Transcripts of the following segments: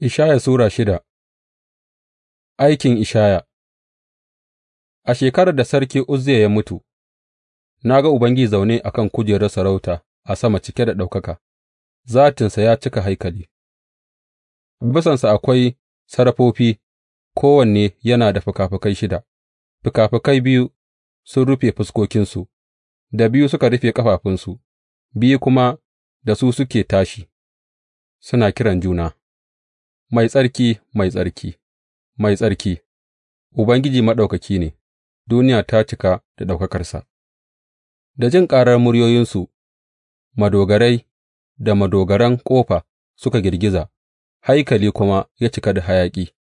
Ishaya Sura shida Aikin Ishaya A shekarar da Sarki Uzziya ya mutu, na ga Ubangiji zaune a kan kujerar sarauta a sama cike da ɗaukaka, zatinsa ya cika haikali, bisansa akwai sarafofi kowanne yana da fikafikai shida, fikafikai biyu sun rufe fuskokinsu, da biyu suka rufe ƙafafunsu, biyu kuma da su suke tashi, suna kiran juna. Mai tsarki, mai tsarki, mai tsarki, Ubangiji Maɗaukaki ne; duniya ta cika da ɗaukakarsa Da jin ƙarar muryoyinsu, madogarai da madogaran ƙofa suka girgiza, haikali kuma ya cika da hayaƙi,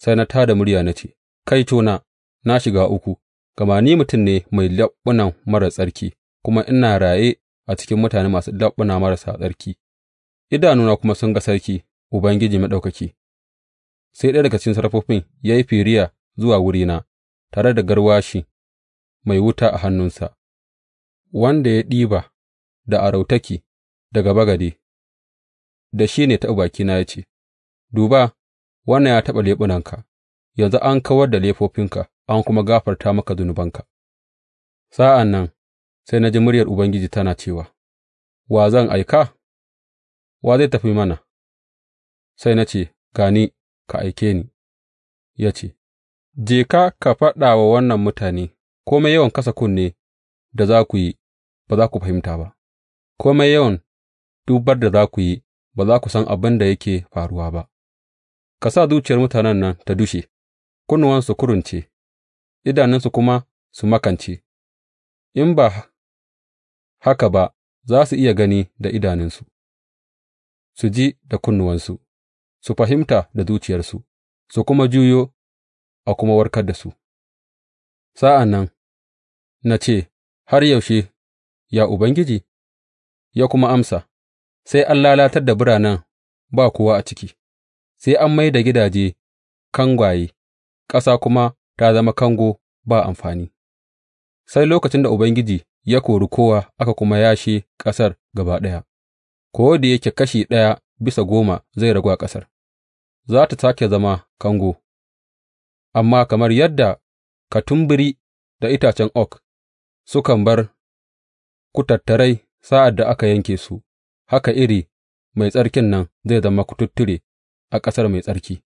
sai na tā da murya na ce, Kaitona, na shiga uku, gama ni mutum ne mai leɓuna marar tsarki, kuma ina raye a cikin mutane masu leɓuna marasa tsarki, idanuna kuma sun ga Sarki. Ubangiji Maɗaukaki, sai ɗaya daga cikin serafofin ya yi firiya zuwa wurina tare da garwashi mai wuta a hannunsa, wanda ya ɗiba da arautaki daga bagade, da shi ne taɓa bakina ya ce, Duba, wannan ya taɓa leɓunanka, yanzu an kawar da laifofinka an kuma gafarta maka zunubanka. Sa'an nan sai na ji muryar Ubangiji tana cewa, Wa zan aika? Wa zai tafi mana? Sai na ce, Ga ni, ka aike ni, ya ce, Je ka ka faɗa wa wannan mutane, Kome yawan kasa kunne da za ku yi, ba za ku fahimta ba, kome yawan dubar da za ku yi, ba za ku san abin da yake faruwa ba, ka sa zuciyar mutanen nan ta dushe, kunnuwansu kurunce, idanunsu kuma su makance, in ba haka ba za su iya gani da idanunsu, su ji da kunnuwansu, su fahimta da zuciyarsu, su kuma juyo a kuma warkar da su. Sa'an nan na ce, Har yaushe, ya Ubangiji, ya kuma amsa, sai an lalatar da biranen ba kowa a ciki, sai an mai da gidaje kangwaye, ƙasa kuma ta zama kango ba amfani, sai lokacin da Ubangiji ya kori kowa aka kuma yashe ƙasar gaba ɗaya, ko da yake kashi ɗaya bisa goma zai ragu a ƙasar. za tă sāke zama kango, amma kamar yadda katumbiri da itacen oak sukan bar kutattarai sa'ad da aka yanke su, haka iri mai tsarkin nan zai zama kututture a ƙasar mai tsarki.